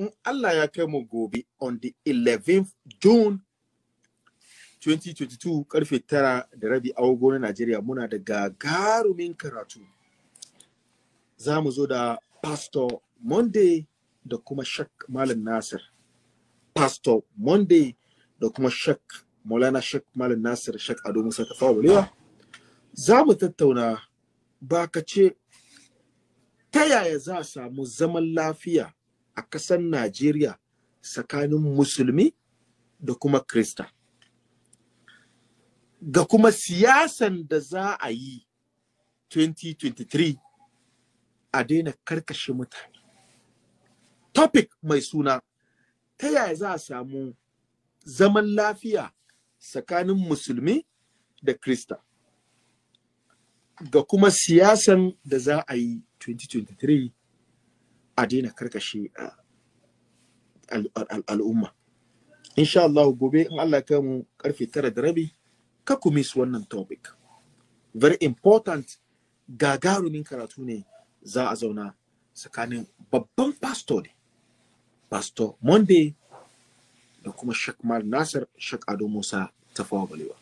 in Allah ya kai mu gobe on the 11th June 2022 karfe tara da rabi agogo na Najeriya muna da gagarumin karatu. Za mu zo da Pastor Monday da kuma Sheikh Malam Nasir. Pastor Monday da kuma Sheikh Maulana Shak Malam Nasir Sheikh Ado Musa Tafawa Za mu tattauna ba ka ce ta yaya za a samu zaman lafiya a ƙasar Najeriya tsakanin musulmi da kuma Krista. Ga kuma siyasan da za a yi 2023 a daina karkashe mutane. Topic mai suna, ta yaya za a samu zaman lafiya tsakanin musulmi da Krista. Ga kuma siyasan da za a yi 2023 a daina karkashe al'umma insha Allah gobe in Allah ya mu karfe tara da rabi ka ku miss wannan topic very important gagarumin karatu ne za a zauna tsakanin babban pastor ne pastor monday da kuma Sheikh Mal Nasir Sheikh Ado Musa Tafawa Balewa.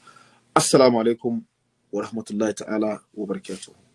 Assalamu alaikum wa rahmatullahi ta'ala wa barakatuh.